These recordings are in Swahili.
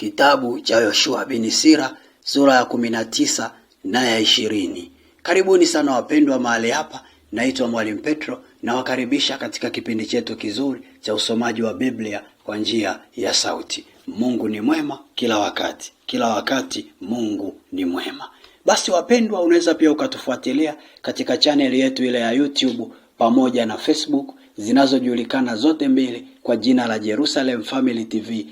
kitabu cha Yoshua bin Sira sura ya kumi na tisa na ya ishirini. Karibuni sana wapendwa mahali hapa. Naitwa Mwalimu Petro, nawakaribisha katika kipindi chetu kizuri cha usomaji wa Biblia kwa njia ya sauti. Mungu ni mwema kila wakati, kila wakati Mungu ni mwema. Basi wapendwa, unaweza pia ukatufuatilia katika chaneli yetu ile ya YouTube pamoja na Facebook zinazojulikana zote mbili kwa jina la Jerusalem Family TV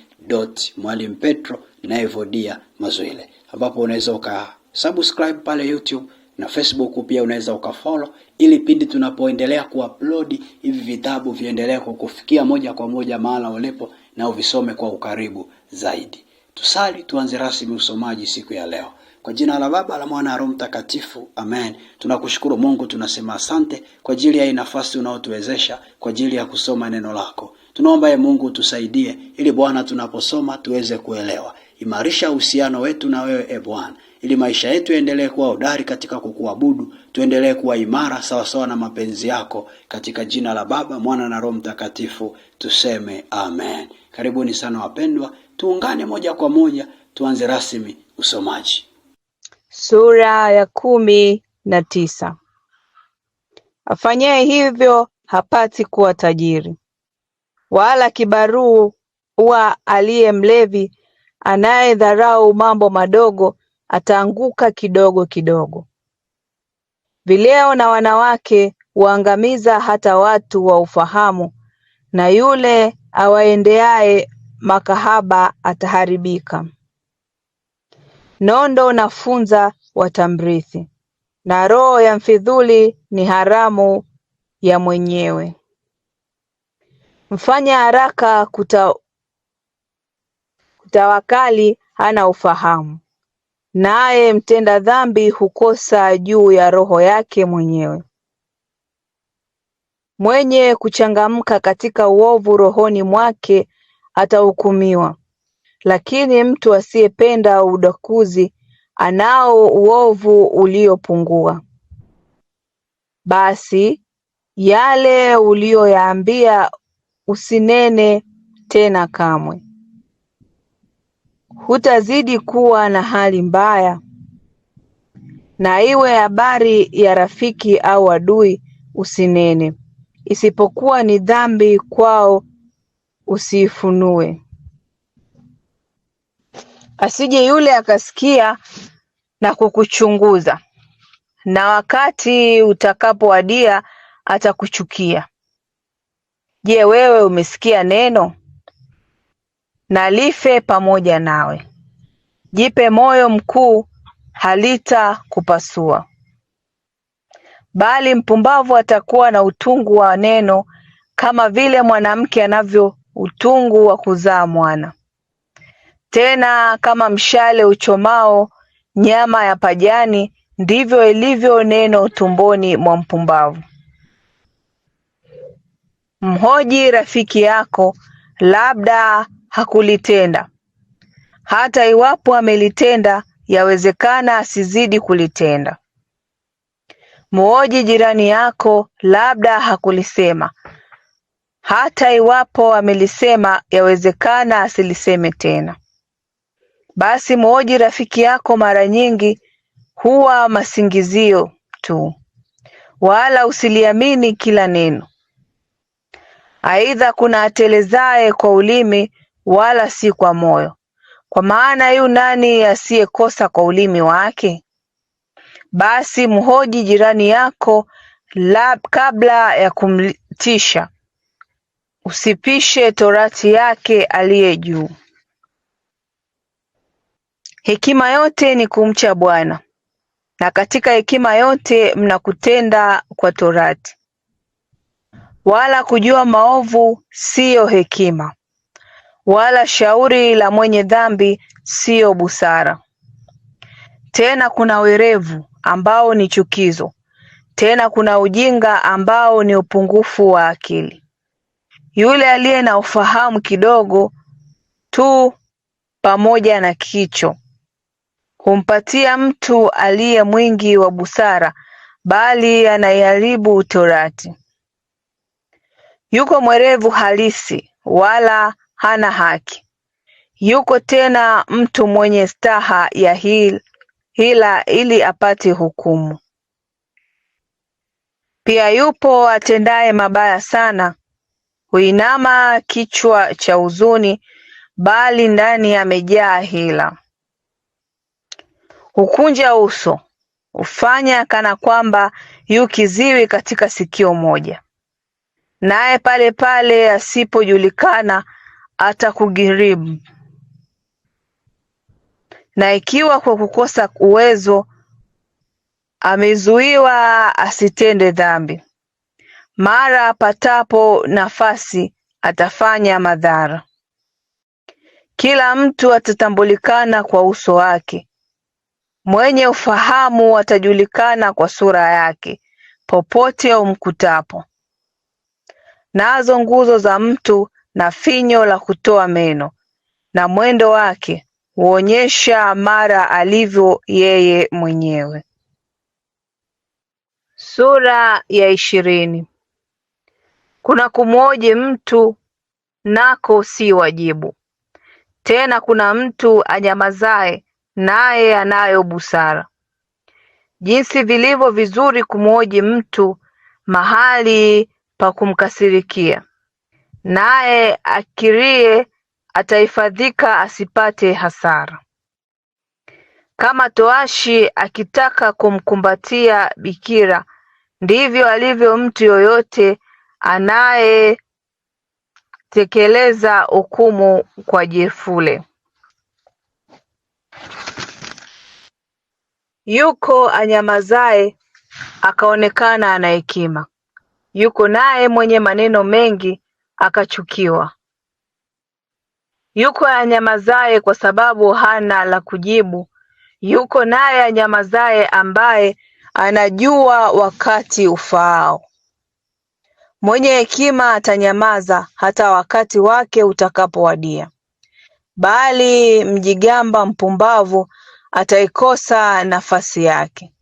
Mwalimu Petro na Evodia Mazwile, ambapo unaweza uka subscribe pale YouTube na Facebook pia unaweza ukafollow ili pindi tunapoendelea kuupload hivi vitabu viendelee kukufikia moja kwa moja mahala ulipo na uvisome kwa ukaribu zaidi. Tusali tuanze rasmi usomaji siku ya leo. Kwa jina la Baba la Mwana Roho Mtakatifu, amen. Tunakushukuru Mungu, tunasema asante kwa ajili ya nafasi unaotuwezesha kwa ajili ya kusoma neno lako. Tunaomba ye Mungu utusaidie, ili Bwana tunaposoma tuweze kuelewa. Imarisha uhusiano wetu na wewe e Bwana, ili maisha yetu yaendelee kuwa hodari katika kukuabudu, tuendelee kuwa imara sawasawa na mapenzi yako, katika jina la Baba, Mwana na Roho Mtakatifu tuseme amen. Karibuni sana wapendwa, tuungane moja kwa moja, tuanze rasmi usomaji sura ya kumi na tisa. Afanyaye hivyo hapati kuwa tajiri, wala kibarua aliye mlevi anayedharau mambo madogo ataanguka kidogo kidogo. Vileo na wanawake huangamiza hata watu wa ufahamu, na yule awaendeaye makahaba ataharibika. Nondo na funza watamrithi, na roho ya mfidhuli ni haramu ya mwenyewe. Mfanya haraka kutawakali hana ufahamu, naye mtenda dhambi hukosa juu ya roho yake mwenyewe. Mwenye kuchangamka katika uovu rohoni mwake atahukumiwa, lakini mtu asiyependa udakuzi anao uovu uliopungua. Basi yale uliyoyaambia Usinene tena kamwe. Hutazidi kuwa na hali mbaya, na iwe habari ya rafiki au adui, usinene; isipokuwa ni dhambi kwao, usiifunue, asije yule akasikia na kukuchunguza, na wakati utakapowadia atakuchukia. Je, wewe umesikia neno? Na life pamoja nawe. Jipe moyo mkuu, halita kupasua Bali mpumbavu atakuwa na utungu wa neno, kama vile mwanamke anavyo utungu wa kuzaa mwana. Tena kama mshale uchomao nyama ya pajani, ndivyo ilivyo neno tumboni mwa mpumbavu. Mhoji rafiki yako labda hakulitenda hata iwapo amelitenda yawezekana asizidi kulitenda. Mhoji jirani yako labda hakulisema hata iwapo amelisema yawezekana asiliseme tena. Basi mhoji rafiki yako mara nyingi huwa masingizio tu, wala usiliamini kila neno. Aidha kuna atelezaye kwa ulimi wala si kwa moyo, kwa maana yu nani asiyekosa kwa ulimi wake? Basi mhoji jirani yako kabla ya kumtisha, usipishe torati yake aliye juu. Hekima yote ni kumcha Bwana, na katika hekima yote mna kutenda kwa torati wala kujua maovu siyo hekima, wala shauri la mwenye dhambi siyo busara. Tena kuna werevu ambao ni chukizo, tena kuna ujinga ambao ni upungufu wa akili. Yule aliye na ufahamu kidogo tu pamoja na kicho humpatia mtu aliye mwingi wa busara, bali anaiharibu torati. Yuko mwerevu halisi wala hana haki, yuko tena mtu mwenye staha ya hila ili apate hukumu. Pia yupo atendaye mabaya sana, huinama kichwa cha huzuni, bali ndani amejaa hila. Hukunja uso, hufanya kana kwamba yu kiziwi katika sikio moja naye pale pale asipojulikana atakugharimu. Na ikiwa kwa kukosa uwezo amezuiwa asitende dhambi, mara apatapo nafasi atafanya madhara. Kila mtu atatambulikana kwa uso wake, mwenye ufahamu atajulikana kwa sura yake popote umkutapo nazo nguzo za mtu na finyo la kutoa meno, na mwendo wake huonyesha mara alivyo yeye mwenyewe. Sura ya ishirini. Kuna kumwoje mtu nako si wajibu tena, kuna mtu anyamazaye naye anayo busara. Jinsi vilivyo vizuri kumwoji mtu mahali pa kumkasirikia, naye akirie atahifadhika asipate hasara. Kama toashi akitaka kumkumbatia bikira, ndivyo alivyo mtu yoyote anayetekeleza hukumu kwa jefule. Yuko anyamazaye akaonekana ana hekima. Yuko naye mwenye maneno mengi akachukiwa, yuko anyamazaye kwa sababu hana la kujibu, yuko naye anyamazaye ambaye anajua wakati ufaao. Mwenye hekima atanyamaza hata wakati wake utakapowadia, bali mjigamba mpumbavu ataikosa nafasi yake.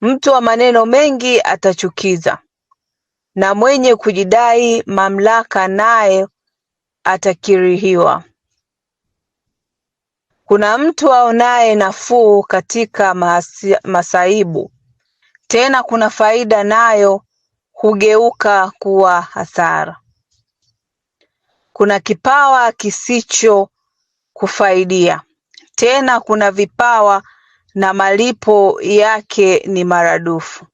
Mtu wa maneno mengi atachukiza, na mwenye kujidai mamlaka naye atakirihiwa. Kuna mtu aonaye nafuu katika masaibu, tena kuna faida nayo hugeuka kuwa hasara. Kuna kipawa kisichokufaidia, tena kuna vipawa na malipo yake ni maradufu.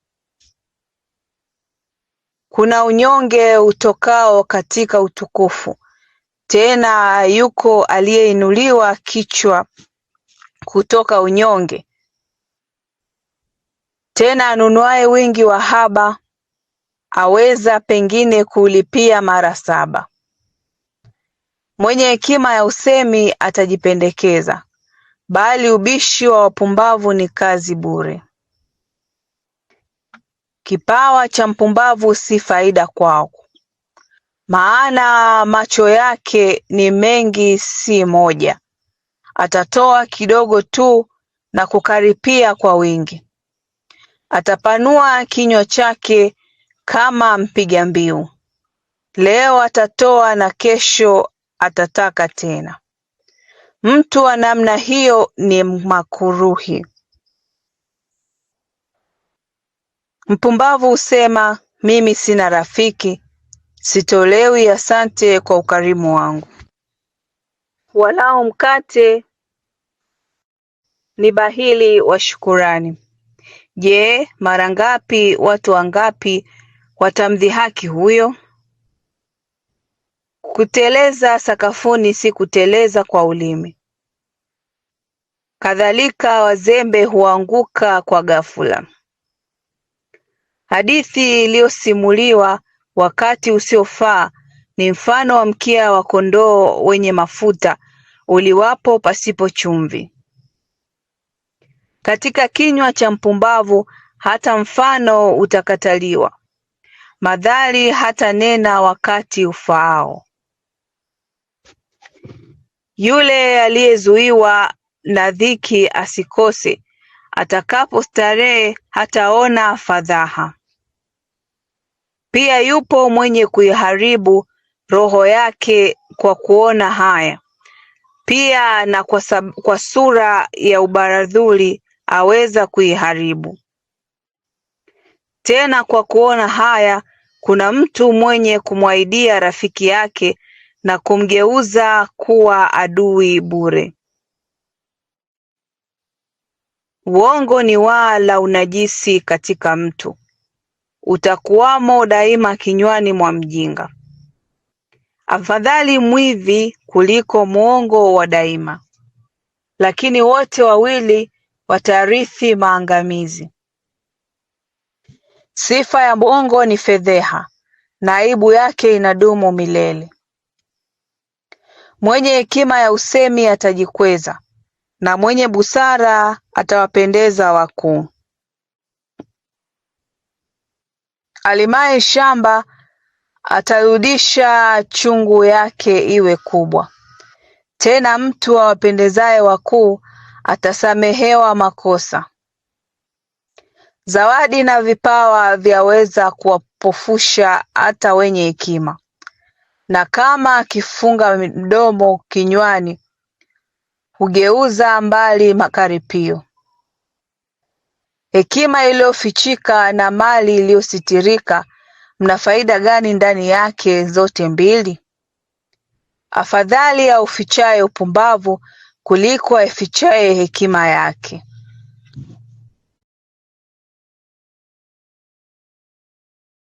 Kuna unyonge utokao katika utukufu, tena yuko aliyeinuliwa kichwa kutoka unyonge, tena anunuaye wingi wa haba aweza pengine kuulipia mara saba. Mwenye hekima ya usemi atajipendekeza, Bali ubishi wa wapumbavu ni kazi bure, kipawa cha mpumbavu si faida kwao, maana macho yake ni mengi si moja, atatoa kidogo tu na kukaripia kwa wingi, atapanua kinywa chake kama mpiga mbiu, leo atatoa na kesho atataka tena Mtu wa namna hiyo ni makuruhi. Mpumbavu husema mimi sina rafiki, sitolewi asante kwa ukarimu wangu. Walao mkate ni bahili wa shukurani. Je, mara ngapi, watu wangapi watamdhihaki huyo? Kuteleza sakafuni si kuteleza kwa ulimi. Kadhalika wazembe huanguka kwa ghafula. Hadithi iliyosimuliwa wakati usiofaa ni mfano wa mkia wa kondoo wenye mafuta uliwapo pasipo chumvi. Katika kinywa cha mpumbavu hata mfano utakataliwa, madhari hata nena wakati ufaao. Yule aliyezuiwa na dhiki asikose, atakapo starehe hataona fadhaha. Pia yupo mwenye kuiharibu roho yake kwa kuona haya, pia na kwa, sab kwa sura ya ubaradhuli aweza kuiharibu. Tena kwa kuona haya kuna mtu mwenye kumwaidia rafiki yake na kumgeuza kuwa adui bure. Uongo ni waa la unajisi katika mtu, utakuwamo daima kinywani mwa mjinga. Afadhali mwivi kuliko mwongo wa daima, lakini wote wawili watarithi maangamizi. Sifa ya mwongo ni fedheha na aibu yake inadumu milele. Mwenye hekima ya usemi atajikweza, na mwenye busara atawapendeza wakuu. Alimaye shamba atarudisha chungu yake iwe kubwa, tena mtu awapendezaye wakuu atasamehewa makosa. Zawadi na vipawa vyaweza kuwapofusha hata wenye hekima, na kama akifunga mdomo kinywani hugeuza mbali makaripio. Hekima iliyofichika na mali iliyositirika mna faida gani ndani yake zote mbili? Afadhali ya ufichaye upumbavu kuliko aifichaye hekima yake.